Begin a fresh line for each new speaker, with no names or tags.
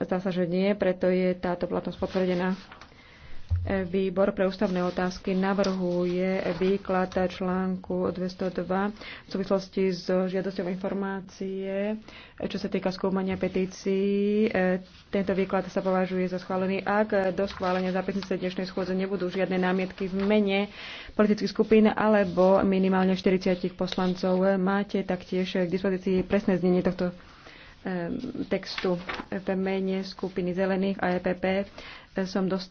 Zdá sa, že nie, preto je táto platnosť potvrdená. Výbor pre ústavné otázky navrhuje výklad článku 202 v súvislosti s žiadosťou informácie, čo sa týka skúmania petícií. Tento výklad sa považuje za schválený, ak do schválenia zápisnice dnešnej schôdze nebudú žiadne námietky v mene politických skupín alebo minimálne 40 poslancov. Máte taktiež k dispozícii presné znenie tohto textu v mene skupiny Zelených a EPP e, som dostala